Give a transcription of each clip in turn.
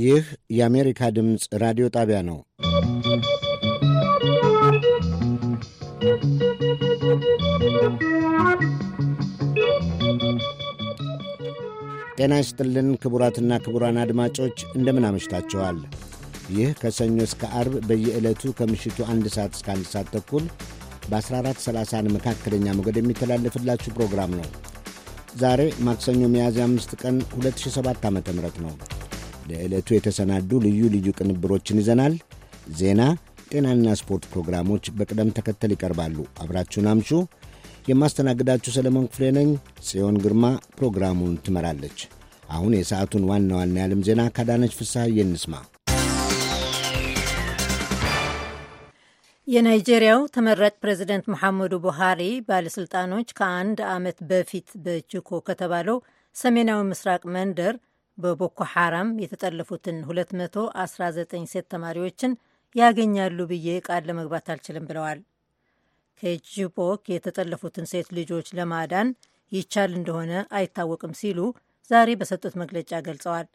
ይህ የአሜሪካ ድምፅ ራዲዮ ጣቢያ ነው። ጤና ይስጥልን ክቡራትና ክቡራን አድማጮች እንደምን አመሽታችኋል። ይህ ከሰኞ እስከ አርብ በየዕለቱ ከምሽቱ አንድ ሰዓት እስከ አንድ ሰዓት ተኩል በ1430 መካከለኛ ሞገድ የሚተላለፍላችሁ ፕሮግራም ነው። ዛሬ ማክሰኞ ሚያዝያ 5 ቀን 2007 ዓ.ም ነው። ለዕለቱ የተሰናዱ ልዩ ልዩ ቅንብሮችን ይዘናል። ዜና፣ ጤናና ስፖርት ፕሮግራሞች በቅደም ተከተል ይቀርባሉ። አብራችሁን አምሹ። የማስተናግዳችሁ ሰለሞን ክፍሌ ነኝ። ጽዮን ግርማ ፕሮግራሙን ትመራለች። አሁን የሰዓቱን ዋና ዋና የዓለም ዜና ካዳነች ፍስሐዬ እንስማ። የናይጄሪያው ተመራጭ ፕሬዚደንት መሐመዱ ቡሃሪ ባለሥልጣኖች ከአንድ ዓመት በፊት በጅኮ ከተባለው ሰሜናዊ ምስራቅ መንደር በቦኮ ሐራም የተጠለፉትን 219 ሴት ተማሪዎችን ያገኛሉ ብዬ ቃል ለመግባት አልችልም ብለዋል። ከጅቦክ የተጠለፉትን ሴት ልጆች ለማዳን ይቻል እንደሆነ አይታወቅም ሲሉ ዛሬ በሰጡት መግለጫ ገልጸዋል።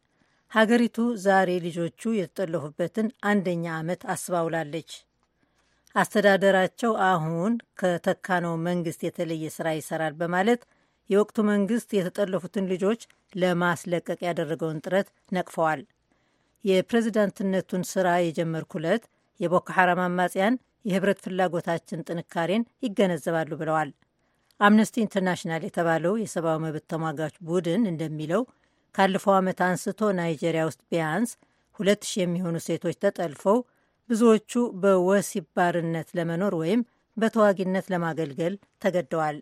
ሀገሪቱ ዛሬ ልጆቹ የተጠለፉበትን አንደኛ ዓመት አስባውላለች። አስተዳደራቸው አሁን ከተካነው መንግስት የተለየ ስራ ይሰራል በማለት የወቅቱ መንግስት የተጠለፉትን ልጆች ለማስለቀቅ ያደረገውን ጥረት ነቅፈዋል። የፕሬዝዳንትነቱን ስራ የጀመርኩ ዕለት የቦኮ ሐራም አማጽያን የህብረት ፍላጎታችን ጥንካሬን ይገነዘባሉ ብለዋል። አምነስቲ ኢንተርናሽናል የተባለው የሰብአዊ መብት ተሟጋች ቡድን እንደሚለው ካለፈው ዓመት አንስቶ ናይጄሪያ ውስጥ ቢያንስ ሁለት ሺህ የሚሆኑ ሴቶች ተጠልፈው ብዙዎቹ በወሲብ ባርነት ለመኖር ወይም በተዋጊነት ለማገልገል ተገደዋል።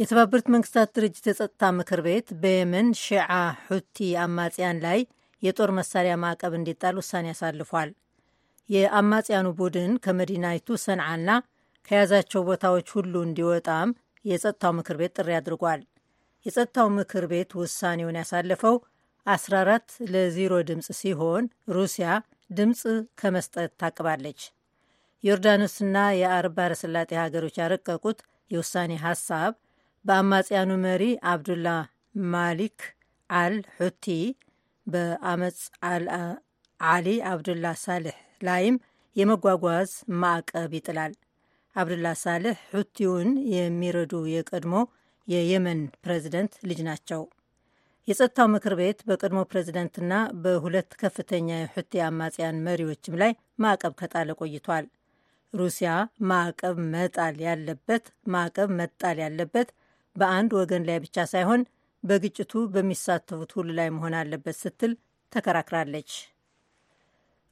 የተባበሩት መንግስታት ድርጅት የጸጥታ ምክር ቤት በየመን ሽዓ ሑቲ አማጽያን ላይ የጦር መሳሪያ ማዕቀብ እንዲጣል ውሳኔ አሳልፏል። የአማጽያኑ ቡድን ከመዲናይቱ ሰንዓና ከያዛቸው ቦታዎች ሁሉ እንዲወጣም የጸጥታው ምክር ቤት ጥሪ አድርጓል። የጸጥታው ምክር ቤት ውሳኔውን ያሳለፈው 14 ለዜሮ ድምፅ ሲሆን ሩሲያ ድምፅ ከመስጠት ታቅባለች። ዮርዳኖስና የአረብ ባሕረ ሰላጤ ሀገሮች ያረቀቁት የውሳኔ ሀሳብ በአማጽያኑ መሪ አብዱላ ማሊክ አል ሑቲ በአመፅ አሊ አብዱላ ሳልሕ ላይም የመጓጓዝ ማዕቀብ ይጥላል። አብዱላ ሳልሕ ሑቲውን የሚረዱ የቀድሞ የየመን ፕሬዚደንት ልጅ ናቸው። የጸጥታው ምክር ቤት በቀድሞ ፕሬዚደንትና በሁለት ከፍተኛ የሑቲ አማጽያን መሪዎችም ላይ ማዕቀብ ከጣለ ቆይቷል። ሩሲያ ማዕቀብ መጣል ያለበት ማዕቀብ መጣል ያለበት በአንድ ወገን ላይ ብቻ ሳይሆን በግጭቱ በሚሳተፉት ሁሉ ላይ መሆን አለበት ስትል ተከራክራለች።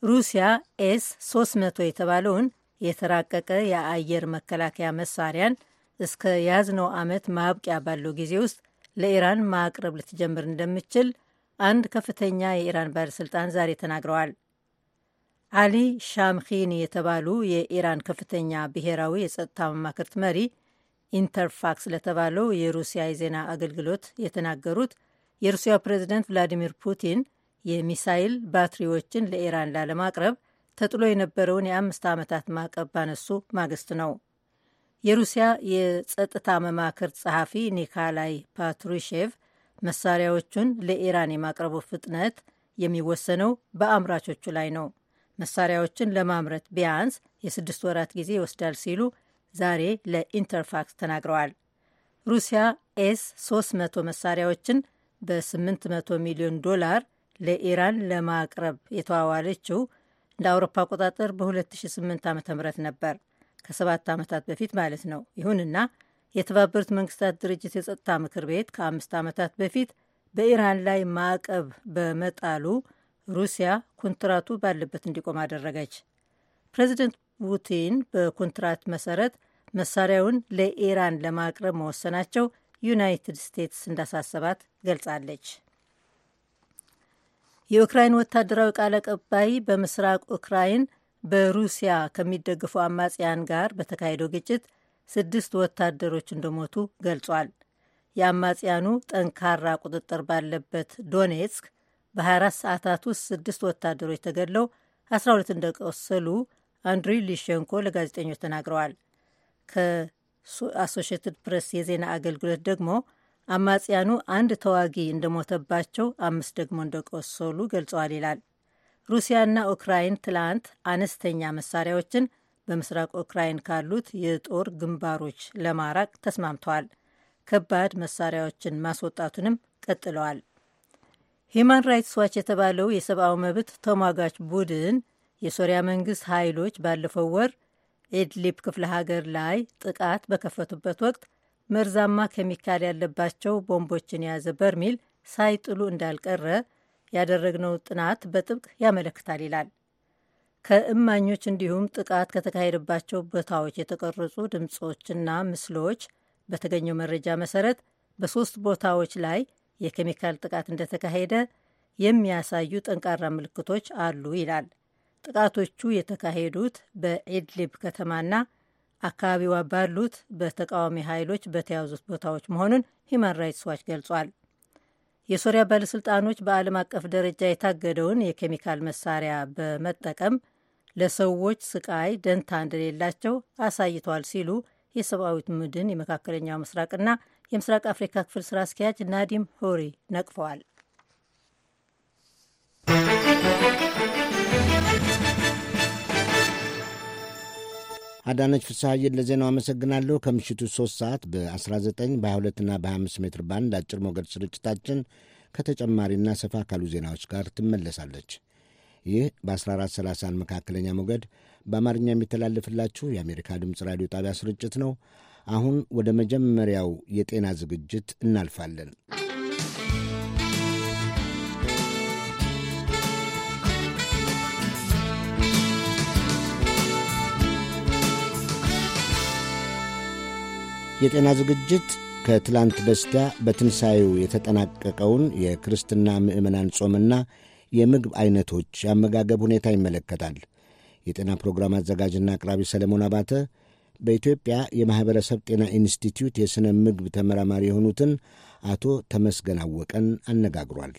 ሩሲያ ኤስ 300 የተባለውን የተራቀቀ የአየር መከላከያ መሳሪያን እስከ ያዝነው ዓመት ማብቂያ ባለው ጊዜ ውስጥ ለኢራን ማቅረብ ልትጀምር እንደምትችል አንድ ከፍተኛ የኢራን ባለሥልጣን ዛሬ ተናግረዋል። አሊ ሻምኺኒ የተባሉ የኢራን ከፍተኛ ብሔራዊ የጸጥታ መማክርት መሪ ኢንተርፋክስ ለተባለው የሩሲያ የዜና አገልግሎት የተናገሩት የሩሲያ ፕሬዚደንት ቭላዲሚር ፑቲን የሚሳይል ባትሪዎችን ለኢራን ላለማቅረብ ተጥሎ የነበረውን የአምስት ዓመታት ማዕቀብ ባነሱ ማግስት ነው። የሩሲያ የጸጥታ መማክር ጸሐፊ ኒካላይ ፓትሩሼቭ መሳሪያዎቹን ለኢራን የማቅረቡ ፍጥነት የሚወሰነው በአምራቾቹ ላይ ነው፣ መሳሪያዎችን ለማምረት ቢያንስ የስድስት ወራት ጊዜ ይወስዳል ሲሉ ዛሬ ለኢንተርፋክስ ተናግረዋል። ሩሲያ ኤስ 300 መሳሪያዎችን በ800 ሚሊዮን ዶላር ለኢራን ለማቅረብ የተዋዋለችው እንደ አውሮፓ አቆጣጠር በ2008 ዓ ም ነበር ከሰባት ዓመታት በፊት ማለት ነው። ይሁንና የተባበሩት መንግስታት ድርጅት የጸጥታ ምክር ቤት ከአምስት ዓመታት በፊት በኢራን ላይ ማዕቀብ በመጣሉ ሩሲያ ኮንትራቱ ባለበት እንዲቆም አደረገች። ፕሬዚደንት ፑቲን በኮንትራት መሰረት መሳሪያውን ለኢራን ለማቅረብ መወሰናቸው ዩናይትድ ስቴትስ እንዳሳሰባት ገልጻለች። የኡክራይን ወታደራዊ ቃል አቀባይ በምስራቅ ኡክራይን በሩሲያ ከሚደግፉ አማጽያን ጋር በተካሄደው ግጭት ስድስት ወታደሮች እንደሞቱ ገልጿል። የአማጽያኑ ጠንካራ ቁጥጥር ባለበት ዶኔትስክ በ24 ሰዓታት ውስጥ ስድስት ወታደሮች ተገድለው 12 እንደቆሰሉ አንድሪ ሊሸንኮ ለጋዜጠኞች ተናግረዋል። ከአሶሽትድ ፕሬስ የዜና አገልግሎት ደግሞ አማጽያኑ አንድ ተዋጊ እንደሞተባቸው አምስት ደግሞ እንደቆሰሉ ገልጸዋል ይላል። ሩሲያና ኡክራይን ትላንት አነስተኛ መሳሪያዎችን በምስራቅ ኡክራይን ካሉት የጦር ግንባሮች ለማራቅ ተስማምተዋል። ከባድ መሳሪያዎችን ማስወጣቱንም ቀጥለዋል። ሂማን ራይትስ ዋች የተባለው የሰብአዊ መብት ተሟጋች ቡድን የሶሪያ መንግስት ኃይሎች ባለፈው ወር ኢድሊብ ክፍለ ሀገር ላይ ጥቃት በከፈቱበት ወቅት መርዛማ ኬሚካል ያለባቸው ቦምቦችን የያዘ በርሚል ሳይጥሉ እንዳልቀረ ያደረግነው ጥናት በጥብቅ ያመለክታል ይላል። ከእማኞች እንዲሁም ጥቃት ከተካሄደባቸው ቦታዎች የተቀረጹ ድምፆችና ምስሎች በተገኘው መረጃ መሰረት በሶስት ቦታዎች ላይ የኬሚካል ጥቃት እንደተካሄደ የሚያሳዩ ጠንካራ ምልክቶች አሉ ይላል። ጥቃቶቹ የተካሄዱት በኢድሊብ ከተማና አካባቢዋ ባሉት በተቃዋሚ ኃይሎች በተያዙት ቦታዎች መሆኑን ሂማን ራይትስ ዋች ገልጿል። የሶሪያ ባለሥልጣኖች በዓለም አቀፍ ደረጃ የታገደውን የኬሚካል መሳሪያ በመጠቀም ለሰዎች ስቃይ ደንታ እንደሌላቸው አሳይተዋል ሲሉ የሰብአዊት ምድን የመካከለኛው ምስራቅና የምስራቅ አፍሪካ ክፍል ስራ አስኪያጅ ናዲም ሆሪ ነቅፈዋል። አዳነች ፍስሐዬን ለዜናው አመሰግናለሁ። ከምሽቱ ሶስት ሰዓት በ19 በ22ና በ25 ሜትር ባንድ አጭር ሞገድ ስርጭታችን ከተጨማሪና ሰፋ ካሉ ዜናዎች ጋር ትመለሳለች። ይህ በ1430 መካከለኛ ሞገድ በአማርኛ የሚተላለፍላችሁ የአሜሪካ ድምፅ ራዲዮ ጣቢያ ስርጭት ነው። አሁን ወደ መጀመሪያው የጤና ዝግጅት እናልፋለን። የጤና ዝግጅት ከትላንት በስቲያ በትንሣኤው የተጠናቀቀውን የክርስትና ምዕመናን ጾምና የምግብ ዐይነቶች የአመጋገብ ሁኔታ ይመለከታል። የጤና ፕሮግራም አዘጋጅና አቅራቢ ሰለሞን አባተ በኢትዮጵያ የማኅበረሰብ ጤና ኢንስቲትዩት የሥነ ምግብ ተመራማሪ የሆኑትን አቶ ተመስገን አወቀን አነጋግሯል።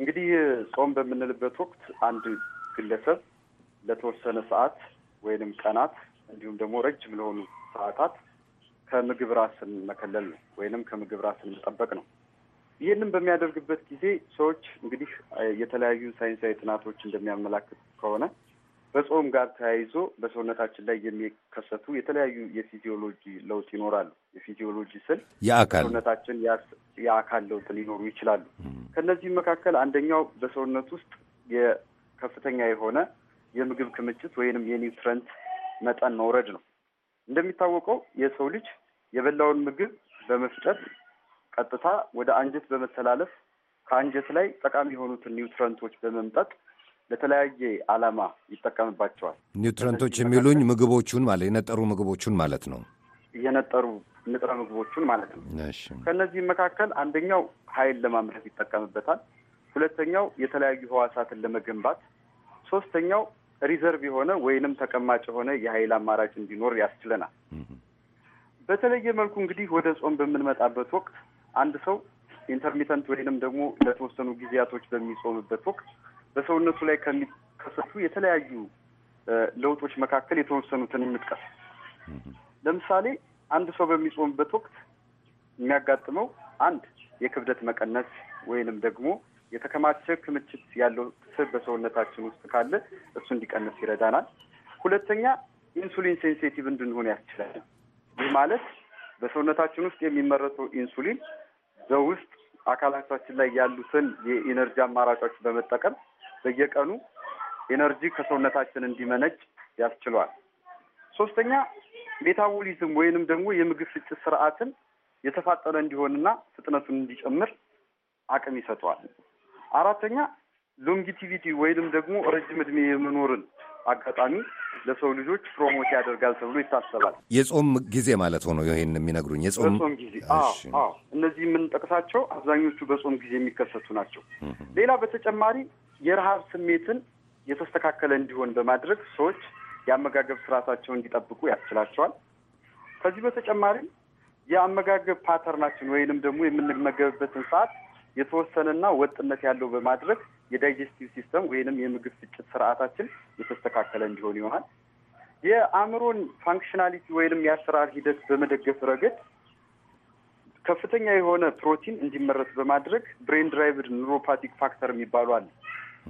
እንግዲህ ጾም በምንልበት ወቅት አንድ ግለሰብ ለተወሰነ ሰዓት ወይንም ቀናት እንዲሁም ደግሞ ረጅም ለሆኑ ሰዓታት ከምግብ ራስን መከለል ነው ወይንም ከምግብ ራስን መጠበቅ ነው። ይህንም በሚያደርግበት ጊዜ ሰዎች እንግዲህ የተለያዩ ሳይንሳዊ ጥናቶች እንደሚያመላክት ከሆነ በጾም ጋር ተያይዞ በሰውነታችን ላይ የሚከሰቱ የተለያዩ የፊዚዮሎጂ ለውጥ ይኖራሉ። የፊዚዮሎጂ ስል የአካል ሰውነታችን የአካል ለውጥ ሊኖሩ ይችላሉ። ከእነዚህም መካከል አንደኛው በሰውነት ውስጥ የከፍተኛ የሆነ የምግብ ክምችት ወይንም የኒውትረንት መጠን መውረድ ነው። እንደሚታወቀው የሰው ልጅ የበላውን ምግብ በመፍጨት ቀጥታ ወደ አንጀት በመተላለፍ ከአንጀት ላይ ጠቃሚ የሆኑትን ኒውትረንቶች በመምጠጥ ለተለያየ ዓላማ ይጠቀምባቸዋል። ኒውትረንቶች የሚሉኝ ምግቦቹን ማለት የነጠሩ ምግቦቹን ማለት ነው። የነጠሩ ንጥረ ምግቦቹን ማለት ነው። ከእነዚህም መካከል አንደኛው ኃይል ለማምረት ይጠቀምበታል። ሁለተኛው የተለያዩ ህዋሳትን ለመገንባት፣ ሶስተኛው ሪዘርቭ የሆነ ወይንም ተቀማጭ የሆነ የኃይል አማራጭ እንዲኖር ያስችለናል። በተለየ መልኩ እንግዲህ ወደ ጾም በምንመጣበት ወቅት አንድ ሰው ኢንተርሚተንት ወይንም ደግሞ ለተወሰኑ ጊዜያቶች በሚጾምበት ወቅት በሰውነቱ ላይ ከሚከሰቱ የተለያዩ ለውጦች መካከል የተወሰኑትን እንጥቀስ። ለምሳሌ አንድ ሰው በሚጾምበት ወቅት የሚያጋጥመው አንድ የክብደት መቀነስ ወይንም ደግሞ የተከማቸ ክምችት ያለው ስብ በሰውነታችን ውስጥ ካለ እሱ እንዲቀንስ ይረዳናል። ሁለተኛ ኢንሱሊን ሴንሴቲቭ እንድንሆን ያስችላል። ይህ ማለት በሰውነታችን ውስጥ የሚመረተው ኢንሱሊን በውስጥ አካላታችን ላይ ያሉትን የኢነርጂ አማራጮች በመጠቀም በየቀኑ ኢነርጂ ከሰውነታችን እንዲመነጭ ያስችለዋል። ሶስተኛ ሜታቦሊዝም ወይንም ደግሞ የምግብ ፍጭት ስርዓትን የተፋጠነ እንዲሆንና ፍጥነቱን እንዲጨምር አቅም ይሰጠዋል። አራተኛ ሎንጊቲቪቲ ወይንም ደግሞ ረጅም እድሜ የመኖርን አጋጣሚ ለሰው ልጆች ፕሮሞት ያደርጋል ተብሎ ይታሰባል። የጾም ጊዜ ማለት ሆኖ ይሄን የሚነግሩኝ የጾም ጊዜ እነዚህ የምንጠቅሳቸው አብዛኞቹ በጾም ጊዜ የሚከሰቱ ናቸው። ሌላ በተጨማሪ የረሃብ ስሜትን የተስተካከለ እንዲሆን በማድረግ ሰዎች የአመጋገብ ስርዓታቸውን እንዲጠብቁ ያስችላቸዋል። ከዚህ በተጨማሪ የአመጋገብ ፓተርናችን ወይንም ደግሞ የምንመገብበትን ሰዓት የተወሰነና ወጥነት ያለው በማድረግ የዳይጀስቲቭ ሲስተም ወይንም የምግብ ፍጭት ስርዓታችን የተስተካከለ እንዲሆን ይሆናል። የአእምሮን ፋንክሽናሊቲ ወይንም የአሰራር ሂደት በመደገፍ ረገድ ከፍተኛ የሆነ ፕሮቲን እንዲመረት በማድረግ ብሬን ድራይቭድ ኒውሮፓቲክ ፋክተር የሚባሉ አለ።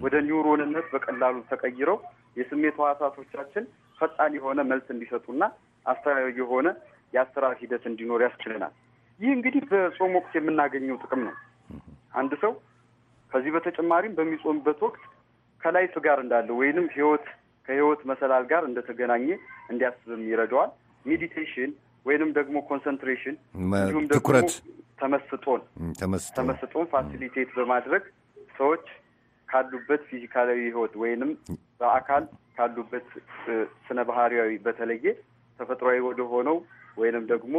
ወደ ኒውሮንነት በቀላሉ ተቀይረው የስሜት ህዋሳቶቻችን ፈጣን የሆነ መልስ እንዲሰጡና አስተያየው የሆነ የአሰራር ሂደት እንዲኖር ያስችለናል። ይህ እንግዲህ በጾም ወቅት የምናገኘው ጥቅም ነው። አንድ ሰው ከዚህ በተጨማሪም በሚጾምበት ወቅት ከላይ ጋር እንዳለ ወይንም ህይወት ከህይወት መሰላል ጋር እንደተገናኘ እንዲያስብም ይረዳዋል። ሜዲቴሽን ወይንም ደግሞ ኮንሰንትሬሽን እንዲሁም ደግሞ ተመስጦን ተመስጦን ፋሲሊቴት በማድረግ ሰዎች ካሉበት ፊዚካላዊ ህይወት ወይንም በአካል ካሉበት ስነ ባህሪያዊ በተለየ ተፈጥሯዊ ወደ ሆነው ወይንም ደግሞ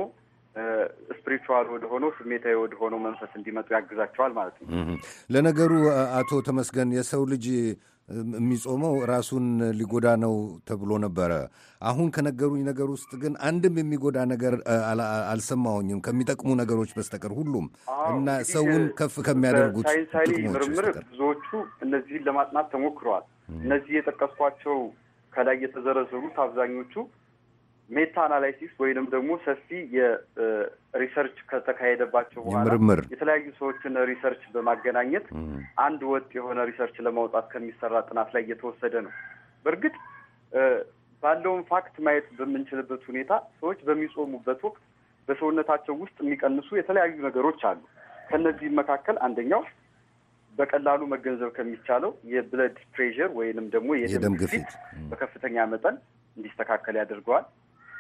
ስፕሪቹዋል ወደ ሆነው ስሜታዊ ወደ ሆነው መንፈስ እንዲመጡ ያግዛቸዋል ማለት ነው። ለነገሩ አቶ ተመስገን የሰው ልጅ የሚጾመው ራሱን ሊጎዳ ነው ተብሎ ነበረ። አሁን ከነገሩኝ ነገር ውስጥ ግን አንድም የሚጎዳ ነገር አልሰማሁኝም ከሚጠቅሙ ነገሮች በስተቀር ሁሉም እና ሰውን ከፍ ከሚያደርጉት ሳይንሳዊ ምርምር ብዙዎቹ እነዚህን ለማጥናት ተሞክረዋል። እነዚህ የጠቀስኳቸው ከላይ የተዘረዘሩት አብዛኞቹ ሜታ አናላይሲስ ወይንም ደግሞ ሰፊ የሪሰርች ከተካሄደባቸው በኋላ የተለያዩ ሰዎችን ሪሰርች በማገናኘት አንድ ወጥ የሆነ ሪሰርች ለማውጣት ከሚሰራ ጥናት ላይ እየተወሰደ ነው። በእርግጥ ባለውን ፋክት ማየት በምንችልበት ሁኔታ ሰዎች በሚጾሙበት ወቅት በሰውነታቸው ውስጥ የሚቀንሱ የተለያዩ ነገሮች አሉ። ከእነዚህም መካከል አንደኛው በቀላሉ መገንዘብ ከሚቻለው የብለድ ፕሬሽር ወይንም ደግሞ የደም ግፊት በከፍተኛ መጠን እንዲስተካከል ያደርገዋል።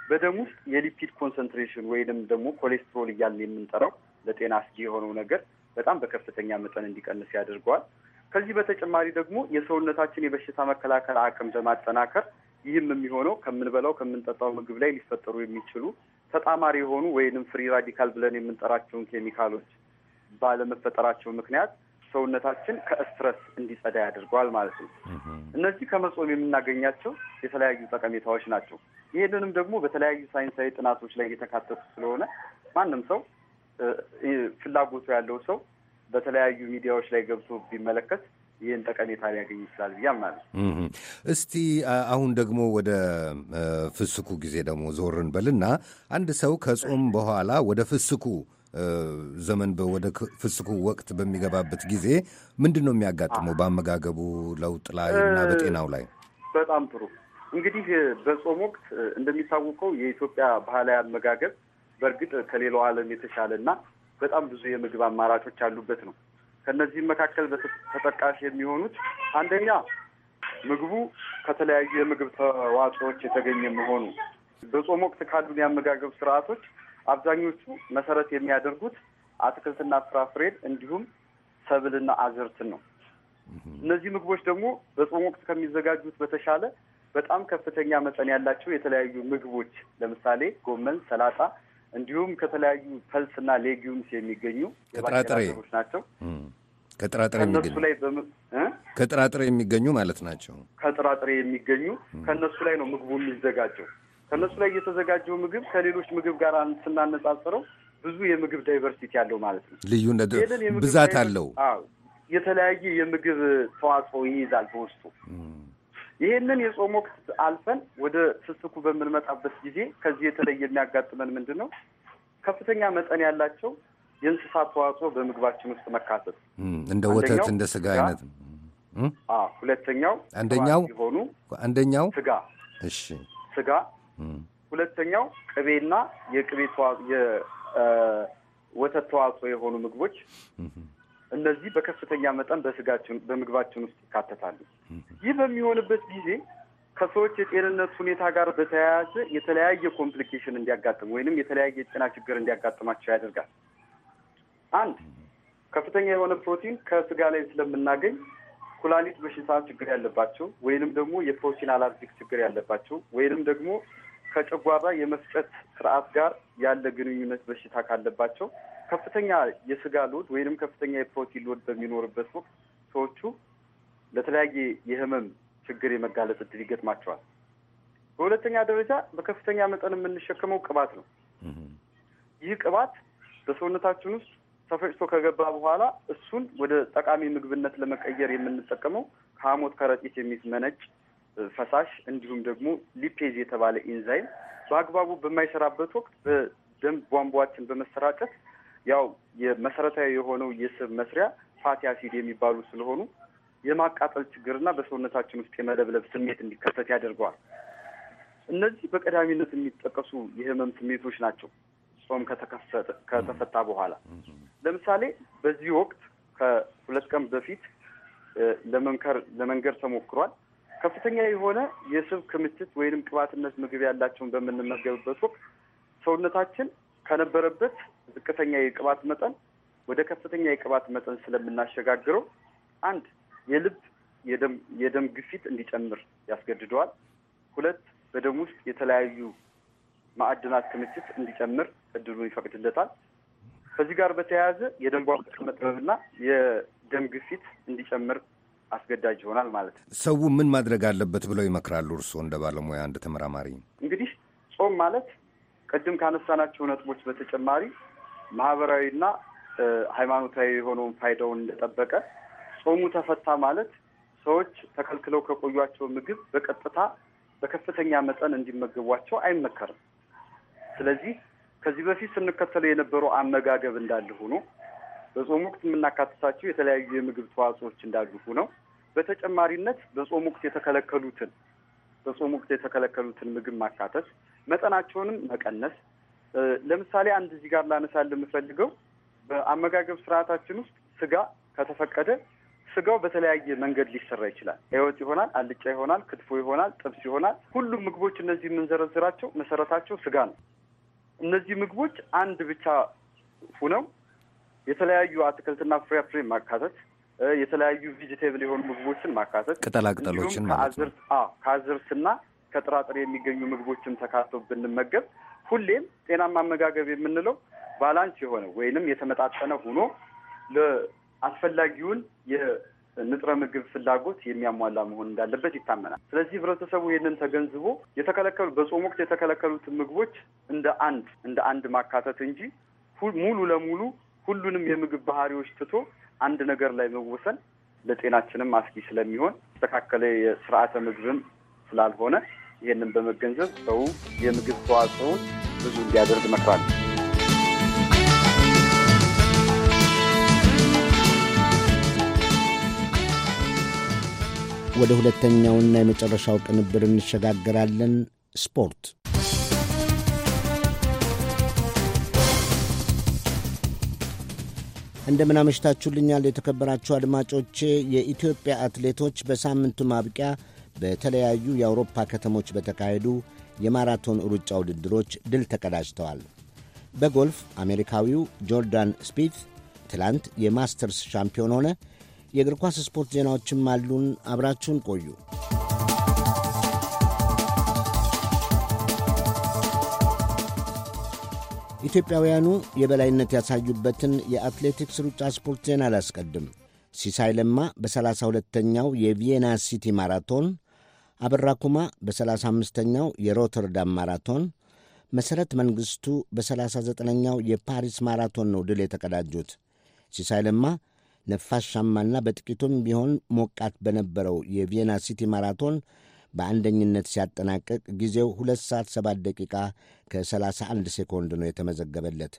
በደም ውስጥ የሊፒድ ኮንሰንትሬሽን ወይንም ደግሞ ኮሌስትሮል እያለ የምንጠራው ለጤና አስጊ የሆነው ነገር በጣም በከፍተኛ መጠን እንዲቀንስ ያደርገዋል። ከዚህ በተጨማሪ ደግሞ የሰውነታችን የበሽታ መከላከል አቅም በማጠናከር ይህም የሚሆነው ከምንበላው ከምንጠጣው ምግብ ላይ ሊፈጠሩ የሚችሉ ተጣማሪ የሆኑ ወይንም ፍሪ ራዲካል ብለን የምንጠራቸውን ኬሚካሎች ባለመፈጠራቸው ምክንያት ሰውነታችን ከስትረስ እንዲጸዳ ያደርገዋል ማለት ነው። እነዚህ ከመጾም የምናገኛቸው የተለያዩ ጠቀሜታዎች ናቸው። ይህንንም ደግሞ በተለያዩ ሳይንሳዊ ጥናቶች ላይ እየተካተቱ ስለሆነ ማንም ሰው ፍላጎቱ ያለው ሰው በተለያዩ ሚዲያዎች ላይ ገብቶ ቢመለከት ይህን ጠቀሜታ ሊያገኝ ይችላል ብዬ አምናለሁ። እስቲ አሁን ደግሞ ወደ ፍስኩ ጊዜ ደግሞ ዞርን በልና አንድ ሰው ከጾም በኋላ ወደ ፍስኩ ዘመን ወደ ፍስኩ ወቅት በሚገባበት ጊዜ ምንድን ነው የሚያጋጥመው በአመጋገቡ ለውጥ ላይ እና በጤናው ላይ? በጣም ጥሩ እንግዲህ በጾም ወቅት እንደሚታወቀው የኢትዮጵያ ባህላዊ አመጋገብ በእርግጥ ከሌላው ዓለም የተሻለ እና በጣም ብዙ የምግብ አማራጮች ያሉበት ነው። ከእነዚህም መካከል ተጠቃሽ የሚሆኑት አንደኛ ምግቡ ከተለያዩ የምግብ ተዋጽኦዎች የተገኘ መሆኑ። በጾም ወቅት ካሉን የአመጋገብ ስርዓቶች አብዛኞቹ መሰረት የሚያደርጉት አትክልትና ፍራፍሬን እንዲሁም ሰብልና አዝርትን ነው። እነዚህ ምግቦች ደግሞ በጾም ወቅት ከሚዘጋጁት በተሻለ በጣም ከፍተኛ መጠን ያላቸው የተለያዩ ምግቦች ለምሳሌ ጎመን፣ ሰላጣ እንዲሁም ከተለያዩ ፐልስና ሌጊዩምስ የሚገኙ የባቄላ ናቸው። ከጥራጥሬ የሚገኙ ከጥራጥሬ የሚገኙ ማለት ናቸው። ከጥራጥሬ የሚገኙ ከእነሱ ላይ ነው ምግቡ የሚዘጋጀው። ከእነሱ ላይ የተዘጋጀው ምግብ ከሌሎች ምግብ ጋር ስናነጻጽረው ብዙ የምግብ ዳይቨርሲቲ አለው ማለት ነው። ልዩነት ብዛት አለው። የተለያየ የምግብ ተዋጽኦ ይይዛል በውስጡ ይህንን የጾም ወቅት አልፈን ወደ ፍስኩ በምንመጣበት ጊዜ ከዚህ የተለየ የሚያጋጥመን ምንድን ነው? ከፍተኛ መጠን ያላቸው የእንስሳት ተዋጽኦ በምግባችን ውስጥ መካተት እንደ ወተት፣ እንደ ስጋ አይነት። ሁለተኛው አንደኛው ሆኑ አንደኛው ስጋ እሺ፣ ስጋ ሁለተኛው ቅቤና የቅቤ የወተት ተዋጽኦ የሆኑ ምግቦች እነዚህ በከፍተኛ መጠን በስጋችን በምግባችን ውስጥ ይካተታሉ። ይህ በሚሆንበት ጊዜ ከሰዎች የጤንነት ሁኔታ ጋር በተያያዘ የተለያየ ኮምፕሊኬሽን እንዲያጋጥም ወይንም የተለያየ የጤና ችግር እንዲያጋጥማቸው ያደርጋል። አንድ ከፍተኛ የሆነ ፕሮቲን ከስጋ ላይ ስለምናገኝ ኩላሊት በሽታ ችግር ያለባቸው ወይንም ደግሞ የፕሮቲን አላርጂክ ችግር ያለባቸው ወይንም ደግሞ ከጨጓራ የመፍጨት ስርዓት ጋር ያለ ግንኙነት በሽታ ካለባቸው ከፍተኛ የስጋ ሎድ ወይንም ከፍተኛ የፕሮቲን ሎድ በሚኖርበት ወቅት ሰዎቹ ለተለያየ የህመም ችግር የመጋለጥ እድል ይገጥማቸዋል። በሁለተኛ ደረጃ በከፍተኛ መጠን የምንሸከመው ቅባት ነው። ይህ ቅባት በሰውነታችን ውስጥ ተፈጭቶ ከገባ በኋላ እሱን ወደ ጠቃሚ ምግብነት ለመቀየር የምንጠቀመው ከሐሞት ከረጢት የሚመነጭ ፈሳሽ እንዲሁም ደግሞ ሊፔዝ የተባለ ኢንዛይም በአግባቡ በማይሰራበት ወቅት በደም ቧንቧችን በመሰራጨት ያው የመሰረታዊ የሆነው የስብ መስሪያ ፋቲ አሲድ የሚባሉ ስለሆኑ የማቃጠል ችግርና በሰውነታችን ውስጥ የመለብለብ ስሜት እንዲከሰት ያደርገዋል። እነዚህ በቀዳሚነት የሚጠቀሱ የህመም ስሜቶች ናቸው። ጾም ከተፈታ በኋላ ለምሳሌ በዚህ ወቅት ከሁለት ቀን በፊት ለመንከር ለመንገድ ተሞክሯል። ከፍተኛ የሆነ የስብ ክምችት ወይንም ቅባትነት ምግብ ያላቸውን በምንመገብበት ወቅት ሰውነታችን ከነበረበት ዝቅተኛ የቅባት መጠን ወደ ከፍተኛ የቅባት መጠን ስለምናሸጋግረው አንድ የልብ የደም ግፊት እንዲጨምር ያስገድደዋል። ሁለት በደም ውስጥ የተለያዩ ማዕድናት ክምችት እንዲጨምር እድሉን ይፈቅድለታል። ከዚህ ጋር በተያያዘ የደም ቧንቧ መጥበብና የደም ግፊት እንዲጨምር አስገዳጅ ይሆናል ማለት ነው። ሰው ምን ማድረግ አለበት ብለው ይመክራሉ? እርስዎ እንደ ባለሙያ እንደ ተመራማሪ። እንግዲህ ጾም ማለት ቅድም ካነሳናቸው ነጥቦች በተጨማሪ ማህበራዊና ሃይማኖታዊ የሆነውን ፋይዳውን እንደጠበቀ ጾሙ ተፈታ ማለት ሰዎች ተከልክለው ከቆዩቸው ምግብ በቀጥታ በከፍተኛ መጠን እንዲመገቧቸው አይመከርም። ስለዚህ ከዚህ በፊት ስንከተለው የነበረው አመጋገብ እንዳለ ሆኖ በጾም ወቅት የምናካትታቸው የተለያዩ የምግብ ተዋጽኦች እንዳሉ ሆነው በተጨማሪነት በጾም ወቅት የተከለከሉትን በጾም ወቅት የተከለከሉትን ምግብ ማካተት መጠናቸውንም መቀነስ። ለምሳሌ አንድ እዚህ ጋር ላነሳ የምፈልገው በአመጋገብ ስርዓታችን ውስጥ ስጋ ከተፈቀደ ስጋው በተለያየ መንገድ ሊሰራ ይችላል። ህይወት ይሆናል፣ አልጫ ይሆናል፣ ክትፎ ይሆናል፣ ጥብስ ይሆናል። ሁሉም ምግቦች እነዚህ የምንዘረዝራቸው መሰረታቸው ስጋ ነው። እነዚህ ምግቦች አንድ ብቻ ሁነው የተለያዩ አትክልትና ፍራፍሬ ማካተት፣ የተለያዩ ቪጂቴብል የሆኑ ምግቦችን ማካተት፣ ቅጠላቅጠሎችን ማለት ነው ከአዝርትና ከጥራጥሬ የሚገኙ ምግቦችን ተካቶ ብንመገብ ሁሌም ጤናማ አመጋገብ የምንለው ባላንስ የሆነ ወይንም የተመጣጠነ ሆኖ ለአስፈላጊውን የንጥረ ምግብ ፍላጎት የሚያሟላ መሆን እንዳለበት ይታመናል። ስለዚህ ህብረተሰቡ ይህንን ተገንዝቦ የተከለከሉ በጾም ወቅት የተከለከሉትን ምግቦች እንደ አንድ እንደ አንድ ማካተት እንጂ ሙሉ ለሙሉ ሁሉንም የምግብ ባህሪዎች ትቶ አንድ ነገር ላይ መወሰን ለጤናችንም አስጊ ስለሚሆን ተስተካከለ የስርዓተ ምግብም ስላልሆነ ይህንን በመገንዘብ ሰው የምግብ ተዋጽኦን ብዙ እንዲያደርግ መክራል። ወደ ሁለተኛውና የመጨረሻው ቅንብር እንሸጋግራለን። ስፖርት እንደምን አመሽታችሁልኛል የተከበራችሁ አድማጮቼ። የኢትዮጵያ አትሌቶች በሳምንቱ ማብቂያ በተለያዩ የአውሮፓ ከተሞች በተካሄዱ የማራቶን ሩጫ ውድድሮች ድል ተቀዳጅተዋል። በጎልፍ አሜሪካዊው ጆርዳን ስፒት ትላንት የማስተርስ ሻምፒዮን ሆነ። የእግር ኳስ ስፖርት ዜናዎችም አሉን። አብራችሁን ቆዩ። ኢትዮጵያውያኑ የበላይነት ያሳዩበትን የአትሌቲክስ ሩጫ ስፖርት ዜና አላስቀድም። ሲሳይለማ ለማ በ32ተኛው የቪየና ሲቲ ማራቶን፣ አበራ ኩማ በ35ኛው የሮተርዳም ማራቶን፣ መሠረት መንግሥቱ በ39ኛው የፓሪስ ማራቶን ነው ድል የተቀዳጁት። ሲሳይ ነፋሻማና በጥቂቱም ቢሆን ሞቃት በነበረው የቪየና ሲቲ ማራቶን በአንደኝነት ሲያጠናቅቅ ጊዜው 2 ሰዓት 7 ደቂቃ ከ31 ሴኮንድ ነው የተመዘገበለት።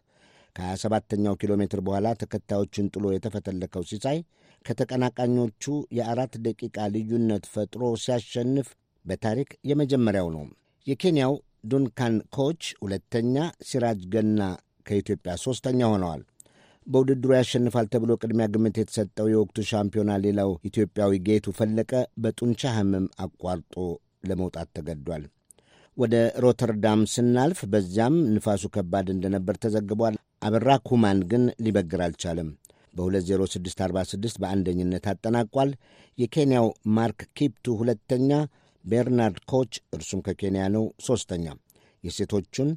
ከ27ኛው ኪሎ ሜትር በኋላ ተከታዮችን ጥሎ የተፈተለከው ሲሳይ ከተቀናቃኞቹ የአራት ደቂቃ ልዩነት ፈጥሮ ሲያሸንፍ በታሪክ የመጀመሪያው ነው። የኬንያው ዱንካን ኮች ሁለተኛ፣ ሲራጅ ገና ከኢትዮጵያ ሦስተኛ ሆነዋል። በውድድሩ ያሸንፋል ተብሎ ቅድሚያ ግምት የተሰጠው የወቅቱ ሻምፒዮና ሌላው ኢትዮጵያዊ ጌቱ ፈለቀ በጡንቻ ሕመም አቋርጦ ለመውጣት ተገዷል። ወደ ሮተርዳም ስናልፍ በዚያም ንፋሱ ከባድ እንደነበር ተዘግቧል። አበራ ኩማን ግን ሊበግር አልቻለም። በ20646 በአንደኝነት አጠናቋል። የኬንያው ማርክ ኪፕቱ ሁለተኛ፣ ቤርናርድ ኮች እርሱም ከኬንያ ነው ሦስተኛ። የሴቶቹን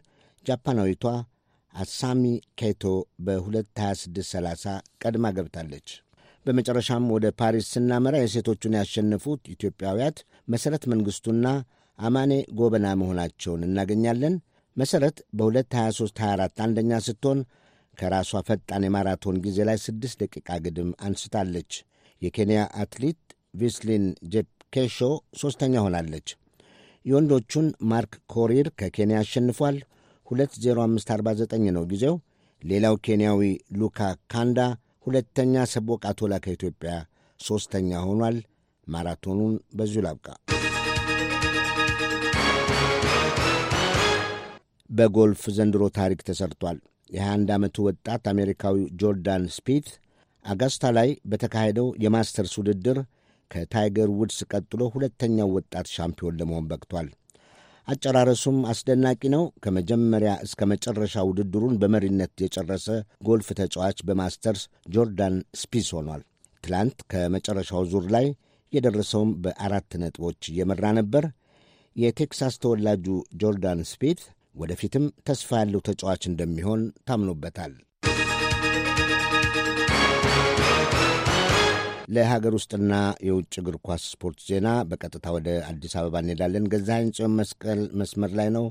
ጃፓናዊቷ አሳሚ ኬቶ በ22630 ቀድማ ገብታለች። በመጨረሻም ወደ ፓሪስ ስናመራ የሴቶቹን ያሸነፉት ኢትዮጵያውያት መሠረት መንግሥቱና አማኔ ጎበና መሆናቸውን እናገኛለን። መሠረት በ22324 አንደኛ ስትሆን ከራሷ ፈጣን የማራቶን ጊዜ ላይ 6 ደቂቃ ግድም አንስታለች። የኬንያ አትሌት ቪስሊን ጄፕኬሾ ሦስተኛ ሆናለች። የወንዶቹን ማርክ ኮሪር ከኬንያ አሸንፏል። 20549 ነው ጊዜው። ሌላው ኬንያዊ ሉካ ካንዳ ሁለተኛ፣ ሰቦቃ ቶላ ከኢትዮጵያ ሦስተኛ ሆኗል። ማራቶኑን በዚሁ ላብቃ። በጎልፍ ዘንድሮ ታሪክ ተሰርቷል። የ21 ዓመቱ ወጣት አሜሪካዊው ጆርዳን ስፒት አጋስታ ላይ በተካሄደው የማስተርስ ውድድር ከታይገር ውድስ ቀጥሎ ሁለተኛው ወጣት ሻምፒዮን ለመሆን በቅቷል። አጨራረሱም አስደናቂ ነው። ከመጀመሪያ እስከ መጨረሻ ውድድሩን በመሪነት የጨረሰ ጎልፍ ተጫዋች በማስተርስ ጆርዳን ስፒስ ሆኗል። ትላንት ከመጨረሻው ዙር ላይ የደረሰውም በአራት ነጥቦች እየመራ ነበር። የቴክሳስ ተወላጁ ጆርዳን ስፒት ወደፊትም ተስፋ ያለው ተጫዋች እንደሚሆን ታምኖበታል። ለሀገር ውስጥና የውጭ እግር ኳስ ስፖርት ዜና በቀጥታ ወደ አዲስ አበባ እንሄዳለን። ገዛኸኝ ጽዮን መስቀል መስመር ላይ ነው።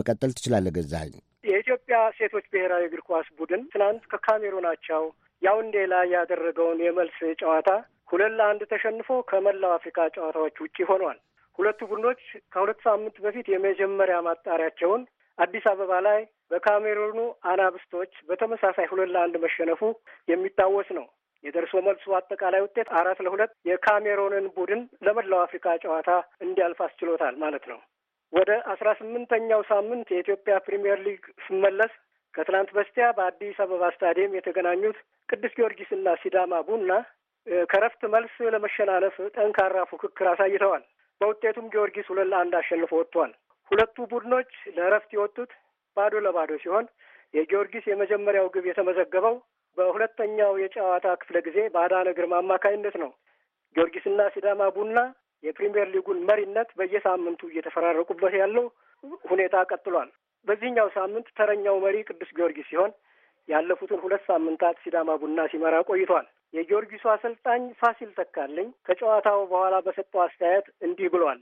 መቀጠል ትችላለህ ገዛኸኝ። የኢትዮጵያ ሴቶች ብሔራዊ እግር ኳስ ቡድን ትናንት ከካሜሩናቸው ያውንዴ ላይ ያደረገውን የመልስ ጨዋታ ሁለት ለአንድ ተሸንፎ ከመላው አፍሪካ ጨዋታዎች ውጪ ሆኗል። ሁለቱ ቡድኖች ከሁለት ሳምንት በፊት የመጀመሪያ ማጣሪያቸውን አዲስ አበባ ላይ በካሜሩኑ አናብስቶች በተመሳሳይ ሁለት ለአንድ መሸነፉ የሚታወስ ነው። የደርሶ መልሱ አጠቃላይ ውጤት አራት ለሁለት የካሜሮንን ቡድን ለመላው አፍሪካ ጨዋታ እንዲያልፍ አስችሎታል ማለት ነው። ወደ አስራ ስምንተኛው ሳምንት የኢትዮጵያ ፕሪምየር ሊግ ስመለስ ከትናንት በስቲያ በአዲስ አበባ ስታዲየም የተገናኙት ቅዱስ ና ሲዳማ ቡና ከረፍት መልስ ለመሸናነፍ ጠንካራ ፉክክር አሳይተዋል። በውጤቱም ጊዮርጊስ ሁለት ለአንድ አሸንፎ ወጥቷል። ሁለቱ ቡድኖች ለእረፍት የወጡት ባዶ ለባዶ ሲሆን የጊዮርጊስ የመጀመሪያው ግብ የተመዘገበው በሁለተኛው የጨዋታ ክፍለ ጊዜ በአዳነ ግርማ አማካኝነት ነው። ጊዮርጊስና ሲዳማ ቡና የፕሪምየር ሊጉን መሪነት በየሳምንቱ እየተፈራረቁበት ያለው ሁኔታ ቀጥሏል። በዚህኛው ሳምንት ተረኛው መሪ ቅዱስ ጊዮርጊስ ሲሆን ያለፉትን ሁለት ሳምንታት ሲዳማ ቡና ሲመራ ቆይቷል። የጊዮርጊሱ አሰልጣኝ ፋሲል ተካልኝ ከጨዋታው በኋላ በሰጠው አስተያየት እንዲህ ብሏል።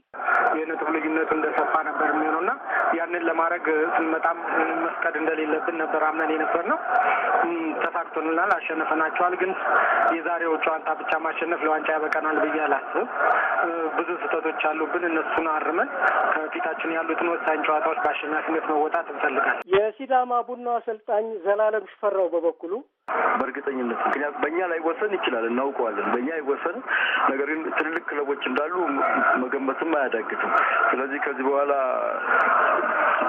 የነጥብ ልዩነቱ እንደሰፋ ነበር የሚሆነው እና ያንን ለማድረግ ስንመጣም መፍቀድ እንደሌለብን ነበር አምነን የነበር ነው። ተሳክቶንናል፣ አሸንፈናቸዋል። ግን የዛሬው ጨዋታ ብቻ ማሸነፍ ለዋንጫ ያበቀናል ብዬ አላስብም። ብዙ ስህተቶች አሉብን። እነሱን አርመን ከፊታችን ያሉትን ወሳኝ ጨዋታዎች በአሸናፊነት መወጣት እንፈልጋለን። የሲዳማ ቡና አሰልጣኝ ዘላለም ሽፈራው በበኩሉ በእርግጠኝነት ምክንያቱም በእኛ ወሰን ይችላል እናውቀዋለን። በእኛ አይወሰንም። ነገር ግን ትልልቅ ክለቦች እንዳሉ መገመትም አያዳግትም። ስለዚህ ከዚህ በኋላ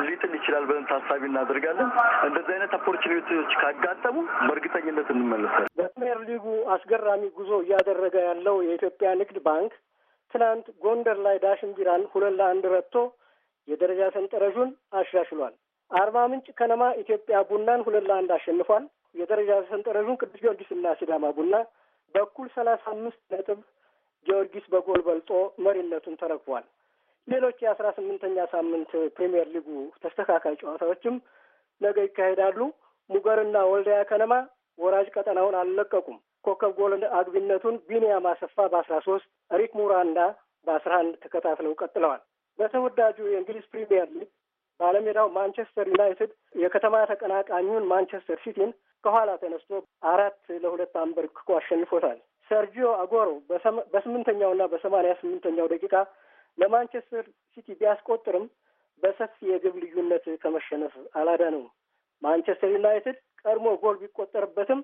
ሊጥል ይችላል ብለን ታሳቢ እናደርጋለን። እንደዚህ አይነት ኦፖርቹኒቲዎች ካጋጠሙ በእርግጠኝነት እንመለሳለን። በፕሪምየር ሊጉ አስገራሚ ጉዞ እያደረገ ያለው የኢትዮጵያ ንግድ ባንክ ትናንት ጎንደር ላይ ዳሽን ቢራን ሁለት ለአንድ ረትቶ የደረጃ ሰንጠረዡን አሻሽሏል። አርባ ምንጭ ከነማ ኢትዮጵያ ቡናን ሁለት ለአንድ አሸንፏል። የደረጃ ሰንጠረዡን ቅዱስ ጊዮርጊስና ሲዳማ ቡና በኩል ሰላሳ አምስት ነጥብ ጊዮርጊስ በጎል በልጦ መሪነቱን ተረክቧል። ሌሎች የአስራ ስምንተኛ ሳምንት ፕሪምየር ሊጉ ተስተካካይ ጨዋታዎችም ነገ ይካሄዳሉ። ሙገርና ወልዳያ ከነማ ወራጅ ቀጠናውን አልለቀቁም። ኮከብ ጎል አግቢነቱን ቢኒያም አሰፋ በአስራ ሶስት ሪክ ሙራንዳ በአስራ አንድ ተከታትለው ቀጥለዋል። በተወዳጁ የእንግሊዝ ፕሪምየር ሊግ ባለሜዳው ማንቸስተር ዩናይትድ የከተማ ተቀናቃኙን ማንቸስተር ሲቲን ከኋላ ተነስቶ አራት ለሁለት አንበርክኮ አሸንፎታል። ሰርጂዮ አጎሮ በስምንተኛውና በሰማኒያ ስምንተኛው ደቂቃ ለማንቸስተር ሲቲ ቢያስቆጥርም በሰፊ የግብ ልዩነት ከመሸነፍ ነው። ማንቸስተር ዩናይትድ ቀድሞ ጎል ቢቆጠርበትም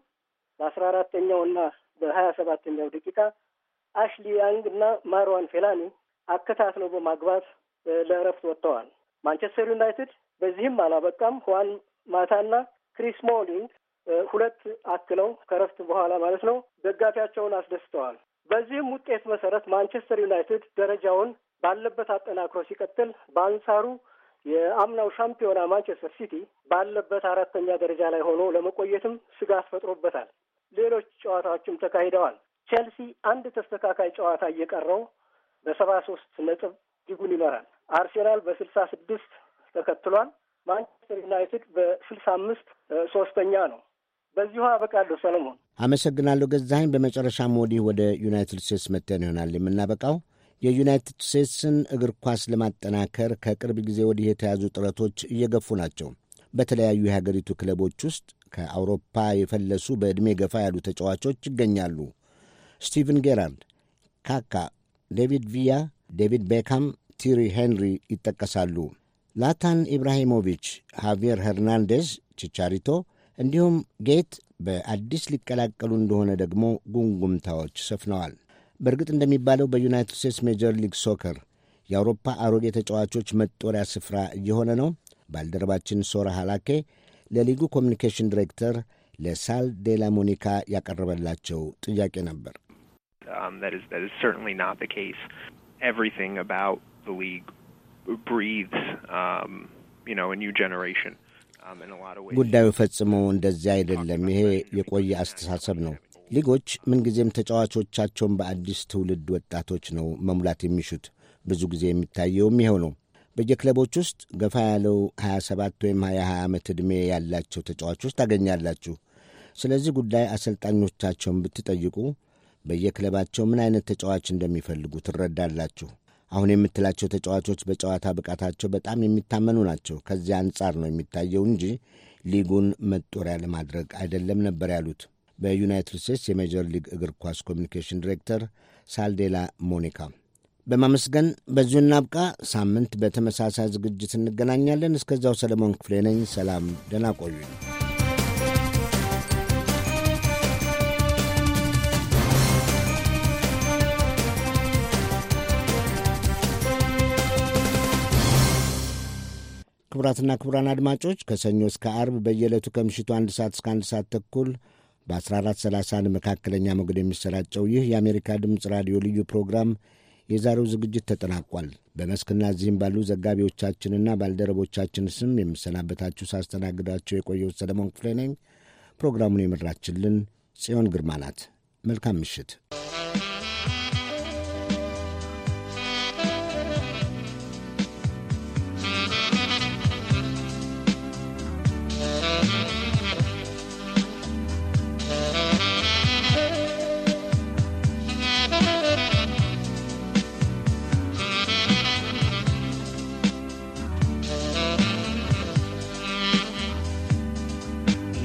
በአስራ አራተኛውና በሀያ ሰባተኛው ደቂቃ አሽሊ ያንግ እና ማርዋን ፌላኒ አከታትለው በማግባት ለእረፍት ወጥተዋል። ማንቸስተር ዩናይትድ በዚህም አላበቃም። ሁዋን ማታና ክሪስ ሞሊንግ ሁለት አክለው ከረፍት በኋላ ማለት ነው ደጋፊያቸውን አስደስተዋል። በዚህም ውጤት መሰረት ማንቸስተር ዩናይትድ ደረጃውን ባለበት አጠናክሮ ሲቀጥል፣ በአንሳሩ የአምናው ሻምፒዮና ማንቸስተር ሲቲ ባለበት አራተኛ ደረጃ ላይ ሆኖ ለመቆየትም ስጋት ፈጥሮበታል። ሌሎች ጨዋታዎችም ተካሂደዋል። ቼልሲ አንድ ተስተካካይ ጨዋታ እየቀረው በሰባ ሶስት ነጥብ ዲጉን ይመራል። አርሴናል በስልሳ ስድስት ተከትሏል። ማንቸስተር ዩናይትድ በስልሳ አምስት ሶስተኛ ነው። በዚሁ አበቃለሁ። ሰለሞን አመሰግናለሁ ገዛኸኝ። በመጨረሻም ወዲህ ወደ ዩናይትድ ስቴትስ መተን ይሆናል የምናበቃው። የዩናይትድ ስቴትስን እግር ኳስ ለማጠናከር ከቅርብ ጊዜ ወዲህ የተያዙ ጥረቶች እየገፉ ናቸው። በተለያዩ የሀገሪቱ ክለቦች ውስጥ ከአውሮፓ የፈለሱ በዕድሜ ገፋ ያሉ ተጫዋቾች ይገኛሉ። ስቲቭን ጌራርድ፣ ካካ፣ ዴቪድ ቪያ፣ ዴቪድ ቤካም ቲሪ ሄንሪ ይጠቀሳሉ። ላታን ኢብራሂሞቪች፣ ሃቪየር ሄርናንዴዝ ቺቻሪቶ፣ እንዲሁም ጌት በአዲስ ሊቀላቀሉ እንደሆነ ደግሞ ጉንጉምታዎች ሰፍነዋል። በእርግጥ እንደሚባለው በዩናይትድ ስቴትስ ሜጀር ሊግ ሶከር የአውሮፓ አሮጌ ተጫዋቾች መጦሪያ ስፍራ እየሆነ ነው። ባልደረባችን ሶራ ሃላኬ ለሊጉ ኮሚኒኬሽን ዲሬክተር ለሳል ዴላ ሞኒካ ያቀረበላቸው ጥያቄ ነበር። um, the league breathes, um, you know, a new generation. Um, ጉዳዩ ፈጽሞ እንደዚያ አይደለም። ይሄ የቆየ አስተሳሰብ ነው። ሊጎች ምንጊዜም ተጫዋቾቻቸውን በአዲስ ትውልድ ወጣቶች ነው መሙላት የሚሹት። ብዙ ጊዜ የሚታየውም ይኸው ነው። በየክለቦች ውስጥ ገፋ ያለው 27 ወይም 20 ዓመት ዕድሜ ያላቸው ተጫዋቾች ታገኛላችሁ። ስለዚህ ጉዳይ አሰልጣኞቻቸውን ብትጠይቁ በየክለባቸው ምን አይነት ተጫዋች እንደሚፈልጉ ትረዳላችሁ። አሁን የምትላቸው ተጫዋቾች በጨዋታ ብቃታቸው በጣም የሚታመኑ ናቸው። ከዚያ አንጻር ነው የሚታየው እንጂ ሊጉን መጦሪያ ለማድረግ አይደለም ነበር ያሉት በዩናይትድ ስቴትስ የሜጀር ሊግ እግር ኳስ ኮሚኒኬሽን ዲሬክተር ሳልዴላ ሞኒካ። በማመስገን በዚሁ እናብቃ። ሳምንት በተመሳሳይ ዝግጅት እንገናኛለን። እስከዚያው ሰለሞን ክፍሌ ነኝ። ሰላም፣ ደህና ቆዩኝ። ክቡራትና ክቡራን አድማጮች ከሰኞ እስከ አርብ በየዕለቱ ከምሽቱ አንድ ሰዓት እስከ አንድ ሰዓት ተኩል በ1430 መካከለኛ ሞገድ የሚሰራጨው ይህ የአሜሪካ ድምፅ ራዲዮ ልዩ ፕሮግራም የዛሬው ዝግጅት ተጠናቋል። በመስክና እዚህም ባሉ ዘጋቢዎቻችንና ባልደረቦቻችን ስም የምሰናበታችሁ ሳስተናግዳቸው የቆየው ሰለሞን ክፍሌ ነኝ። ፕሮግራሙን የመራችልን ጽዮን ግርማ ናት። መልካም ምሽት።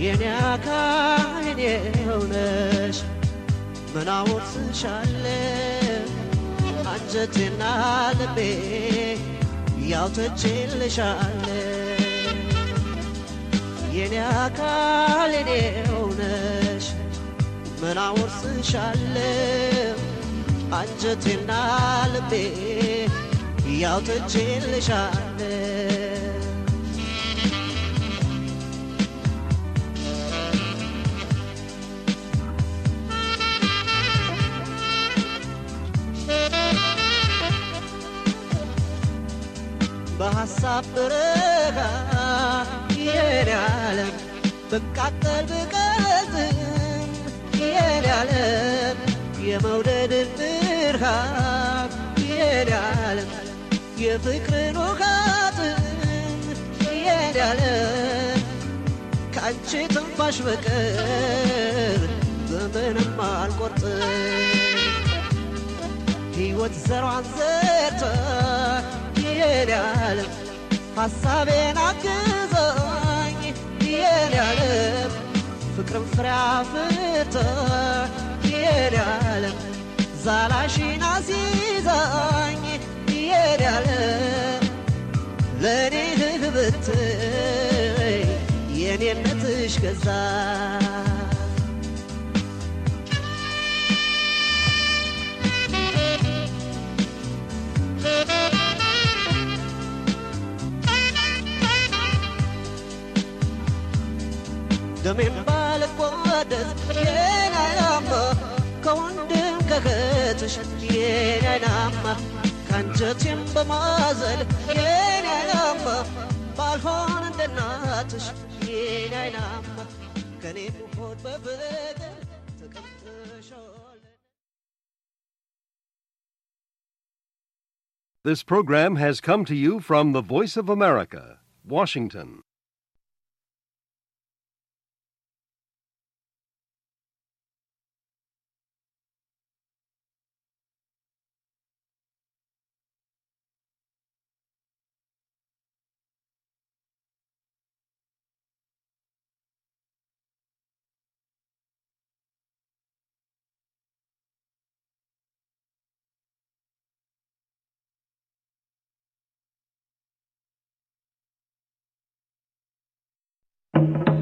የኔ አካል የኔ ሆነሽ መናወትሻለ አንጀቴና ልቤ ያውተችልሻለ የኔ አካል የኔ ሆነሽ መናወትሻለ አንጀቴና ልቤ ያውተችልሻለ በሐሳብ ብረካ የኔ ዓለም ብቃጠል ብቀዝም የኔ ዓለም የመውደድን ብርሃን የኔ ዓለም የፍቅርን ውቃትን የኔ ዓለም ከአንቺ ትንፋሽ በቀር በምንም አልቆርጥም ሕይወት ዘሯን ዘርታ የኔ ዓለም ሐሳቤን አግዘኝ የኔ ዓለም ፍቅርም ፍሬ አፍርቶ የኔ ዓለም ዛላሽን አስይዛኝ የኔ ለእኔ ህብትይ የኔነትሽ ገዛ ደሜን ባልቋደስ የኔ አይናማ ከወንድም ከእህትሽ የኔ አይናማ ከአንጀቴም በማዘል የኔ አይናማ ባልሆን እንደ እናትሽ የኔ አይናማ ከኔም ሆድ በፍቅር ተቀምጥሻል። This program has come to you from the Voice of America, Washington. Thank you.